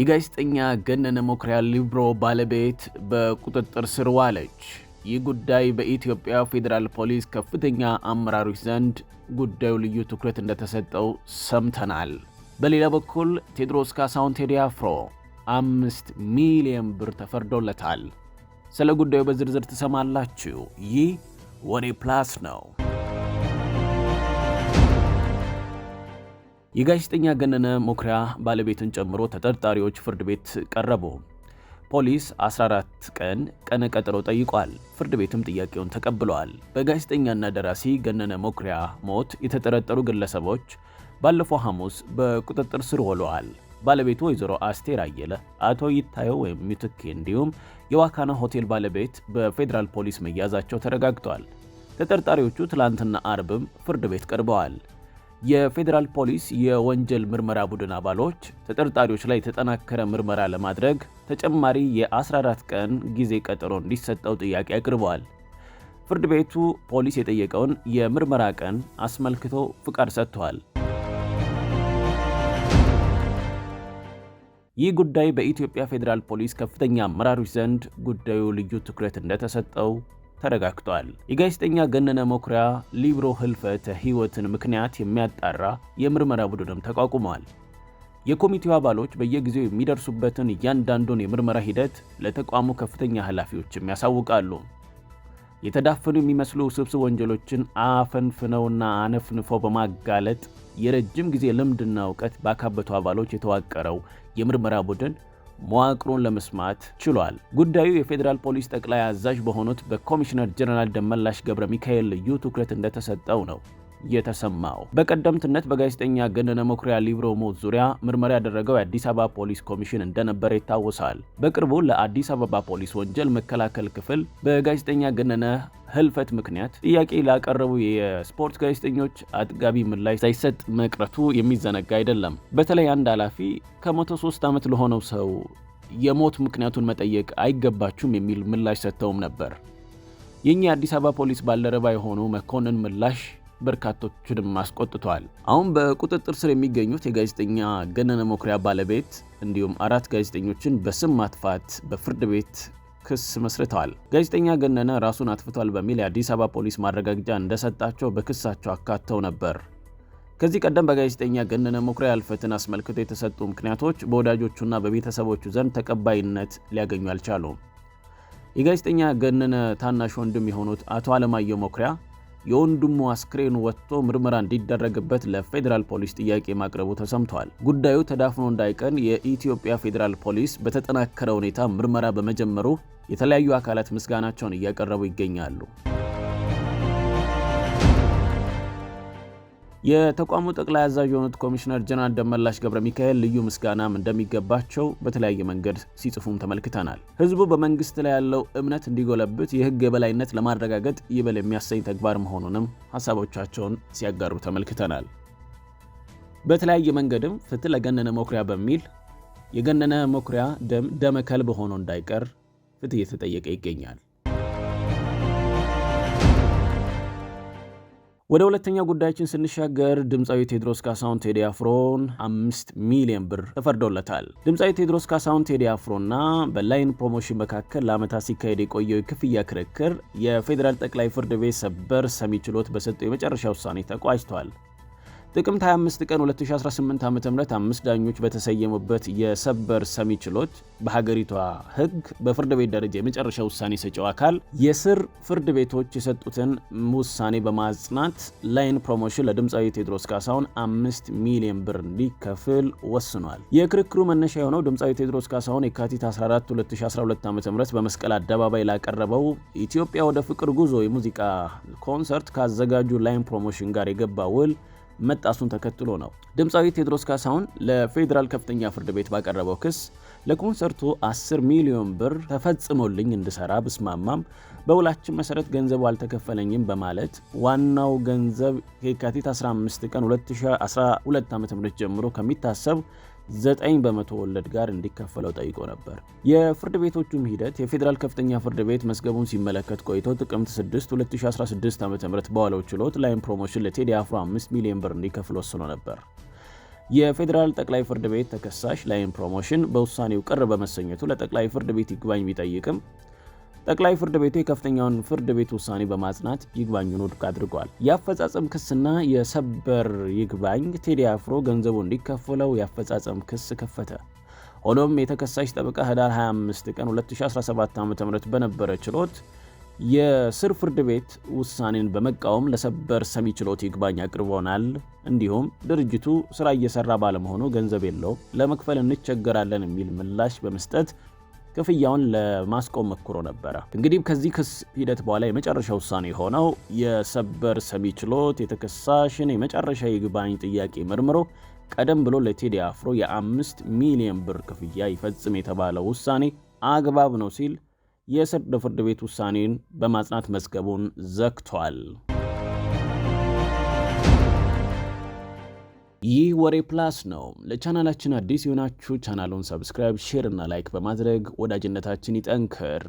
የጋዜጠኛ ገነነ መኩሪያ ሊብሮ ባለቤት በቁጥጥር ስር ዋለች። ይህ ጉዳይ በኢትዮጵያ ፌዴራል ፖሊስ ከፍተኛ አመራሮች ዘንድ ጉዳዩ ልዩ ትኩረት እንደተሰጠው ሰምተናል። በሌላ በኩል ቴድሮስ ካሳሁን ቴዲ አፍሮ አምስት ሚሊዮን ብር ተፈርዶለታል። ስለ ጉዳዩ በዝርዝር ትሰማላችሁ። ይህ ወሬ ፕላስ ነው። የጋዜጠኛ ገነነ መኩሪያ ባለቤትን ጨምሮ ተጠርጣሪዎች ፍርድ ቤት ቀረቡ። ፖሊስ 14 ቀን ቀነ ቀጠሮ ጠይቋል። ፍርድ ቤትም ጥያቄውን ተቀብለዋል። በጋዜጠኛና ደራሲ ገነነ መኩሪያ ሞት የተጠረጠሩ ግለሰቦች ባለፈው ሐሙስ በቁጥጥር ስር ውለዋል። ባለቤቱ ወይዘሮ አስቴር አየለ፣ አቶ ይታየው ወይም ሚትኬ እንዲሁም የዋካና ሆቴል ባለቤት በፌዴራል ፖሊስ መያዛቸው ተረጋግቷል። ተጠርጣሪዎቹ ትላንትና አርብም ፍርድ ቤት ቀርበዋል። የፌዴራል ፖሊስ የወንጀል ምርመራ ቡድን አባሎች ተጠርጣሪዎች ላይ የተጠናከረ ምርመራ ለማድረግ ተጨማሪ የ14 ቀን ጊዜ ቀጠሮ እንዲሰጠው ጥያቄ አቅርበዋል። ፍርድ ቤቱ ፖሊስ የጠየቀውን የምርመራ ቀን አስመልክቶ ፍቃድ ሰጥቷል። ይህ ጉዳይ በኢትዮጵያ ፌዴራል ፖሊስ ከፍተኛ አመራሮች ዘንድ ጉዳዩ ልዩ ትኩረት እንደተሰጠው ተረጋግጧል። የጋዜጠኛ ገነነ መኩሪያ ሊብሮ ህልፈተ ህይወትን ምክንያት የሚያጣራ የምርመራ ቡድንም ተቋቁሟል። የኮሚቴው አባሎች በየጊዜው የሚደርሱበትን እያንዳንዱን የምርመራ ሂደት ለተቋሙ ከፍተኛ ኃላፊዎችም ያሳውቃሉ። የተዳፈኑ የሚመስሉ ውስብስብ ወንጀሎችን አፈንፍነውና አነፍንፈው በማጋለጥ የረጅም ጊዜ ልምድና እውቀት ባካበቱ አባሎች የተዋቀረው የምርመራ ቡድን መዋቅሩን ለመስማት ችሏል። ጉዳዩ የፌዴራል ፖሊስ ጠቅላይ አዛዥ በሆኑት በኮሚሽነር ጀነራል ደመላሽ ገብረ ሚካኤል ልዩ ትኩረት እንደተሰጠው ነው የተሰማው። በቀደምትነት በጋዜጠኛ ገነነ መኩሪያ ሊብሮ ሞት ዙሪያ ምርመራ ያደረገው የአዲስ አበባ ፖሊስ ኮሚሽን እንደነበረ ይታወሳል። በቅርቡ ለአዲስ አበባ ፖሊስ ወንጀል መከላከል ክፍል በጋዜጠኛ ገነነ ህልፈት ምክንያት ጥያቄ ላቀረቡ የስፖርት ጋዜጠኞች አጥጋቢ ምላሽ ሳይሰጥ መቅረቱ የሚዘነጋ አይደለም። በተለይ አንድ ኃላፊ ከ103 ዓመት ለሆነው ሰው የሞት ምክንያቱን መጠየቅ አይገባችሁም የሚል ምላሽ ሰጥተውም ነበር። የእኛ የአዲስ አበባ ፖሊስ ባልደረባ የሆኑ መኮንን ምላሽ በርካቶችንም አስቆጥተዋል። አሁን በቁጥጥር ስር የሚገኙት የጋዜጠኛ ገነነ መኩሪያ ባለቤት እንዲሁም አራት ጋዜጠኞችን በስም ማጥፋት በፍርድ ቤት ክስ መስርተዋል። ጋዜጠኛ ገነነ ራሱን አጥፍቷል በሚል የአዲስ አበባ ፖሊስ ማረጋገጫ እንደሰጣቸው በክሳቸው አካተው ነበር። ከዚህ ቀደም በጋዜጠኛ ገነነ መኩሪያ ሕልፈትን አስመልክቶ የተሰጡ ምክንያቶች በወዳጆቹና በቤተሰቦቹ ዘንድ ተቀባይነት ሊያገኙ አልቻሉም። የጋዜጠኛ ገነነ ታናሽ ወንድም የሆኑት አቶ አለማየሁ መኩሪያ የወንድሙ አስክሬን ወጥቶ ምርመራ እንዲደረግበት ለፌዴራል ፖሊስ ጥያቄ ማቅረቡ ተሰምተዋል። ጉዳዩ ተዳፍኖ እንዳይቀን የኢትዮጵያ ፌዴራል ፖሊስ በተጠናከረ ሁኔታ ምርመራ በመጀመሩ የተለያዩ አካላት ምስጋናቸውን እያቀረቡ ይገኛሉ። የተቋሙ ጠቅላይ አዛዥ የሆኑት ኮሚሽነር ጀነራል ደመላሽ ገብረ ሚካኤል ልዩ ምስጋናም እንደሚገባቸው በተለያየ መንገድ ሲጽፉም ተመልክተናል። ህዝቡ በመንግስት ላይ ያለው እምነት እንዲጎለብት የህግ የበላይነት ለማረጋገጥ ይበል የሚያሰኝ ተግባር መሆኑንም ሀሳቦቻቸውን ሲያጋሩ ተመልክተናል። በተለያየ መንገድም ፍትህ ለገነነ መኩሪያ በሚል የገነነ መኩሪያ ደም ደመ ከልብ ሆኖ እንዳይቀር ፍትህ እየተጠየቀ ይገኛል። ወደ ሁለተኛ ጉዳያችን ስንሻገር ድምፃዊ ቴድሮስ ካሳሁን ቴዲ አፍሮን አምስት ሚሊዮን ብር ተፈርዶለታል። ድምፃዊ ቴድሮስ ካሳሁን ቴዲ አፍሮና በላይን ፕሮሞሽን መካከል ለዓመታት ሲካሄድ የቆየው የክፍያ ክርክር የፌዴራል ጠቅላይ ፍርድ ቤት ሰበር ሰሚ ችሎት በሰጠው የመጨረሻ ውሳኔ ተቋጭቷል። ጥቅምት 25 ቀን 2018 ዓ ም አምስት ዳኞች በተሰየሙበት የሰበር ሰሚ ችሎት በሀገሪቷ ህግ በፍርድ ቤት ደረጃ የመጨረሻ ውሳኔ ሰጪው አካል የስር ፍርድ ቤቶች የሰጡትን ውሳኔ በማጽናት ላይን ፕሮሞሽን ለድምፃዊ ቴድሮስ ካሳሁን አምስት ሚሊዮን ብር እንዲከፍል ወስኗል። የክርክሩ መነሻ የሆነው ድምፃዊ ቴድሮስ ካሳሁን የካቲት 14 2012 ዓ ም በመስቀል አደባባይ ላቀረበው ኢትዮጵያ ወደ ፍቅር ጉዞ የሙዚቃ ኮንሰርት ካዘጋጁ ላይን ፕሮሞሽን ጋር የገባ ውል መጣሱን ተከትሎ ነው። ድምፃዊ ቴዎድሮስ ካሳሁን ለፌዴራል ከፍተኛ ፍርድ ቤት ባቀረበው ክስ ለኮንሰርቱ 10 ሚሊዮን ብር ተፈጽሞልኝ እንድሰራ ብስማማም በውላችን መሰረት ገንዘቡ አልተከፈለኝም በማለት ዋናው ገንዘብ ከየካቲት 15 ቀን 2012 ም ጀምሮ ከሚታሰብ ዘጠኝ በመቶ ወለድ ጋር እንዲከፈለው ጠይቆ ነበር። የፍርድ ቤቶቹም ሂደት የፌዴራል ከፍተኛ ፍርድ ቤት መዝገቡን ሲመለከት ቆይቶ ጥቅምት 6 2016 ዓ ም በዋለው ችሎት ላይም ፕሮሞሽን ለቴዲ አፍሮ 5 ሚሊዮን ብር እንዲከፍል ወስኖ ነበር። የፌዴራል ጠቅላይ ፍርድ ቤት ተከሳሽ ላይም ፕሮሞሽን በውሳኔው ቅር በመሰኘቱ ለጠቅላይ ፍርድ ቤት ይግባኝ ቢጠይቅም ጠቅላይ ፍርድ ቤቱ የከፍተኛውን ፍርድ ቤት ውሳኔ በማጽናት ይግባኙን ውድቅ አድርጓል። የአፈጻጸም ክስና የሰበር ይግባኝ ቴዲ አፍሮ ገንዘቡ እንዲከፈለው የአፈጻጸም ክስ ከፈተ። ሆኖም የተከሳሽ ጠበቃ ህዳር 25 ቀን 2017 ዓ ም በነበረ ችሎት የስር ፍርድ ቤት ውሳኔን በመቃወም ለሰበር ሰሚ ችሎት ይግባኝ አቅርቦናል። እንዲሁም ድርጅቱ ስራ እየሰራ ባለመሆኑ ገንዘብ የለውም ለመክፈል እንቸገራለን የሚል ምላሽ በመስጠት ክፍያውን ለማስቆም መክሮ ነበረ። እንግዲህ ከዚህ ክስ ሂደት በኋላ የመጨረሻ ውሳኔ የሆነው የሰበር ሰሚ ችሎት የተከሳሽን የመጨረሻ ይግባኝ ጥያቄ መርምሮ ቀደም ብሎ ለቴዲ አፍሮ የአምስት ሚሊዮን ብር ክፍያ ይፈጽም የተባለው ውሳኔ አግባብ ነው ሲል የስር ፍርድ ቤት ውሳኔን በማጽናት መዝገቡን ዘግቷል። ይህ ወሬ ፕላስ ነው። ለቻናላችን አዲስ የሆናችሁ ቻናሉን ሰብስክራይብ፣ ሼር እና ላይክ በማድረግ ወዳጅነታችን ይጠንክር።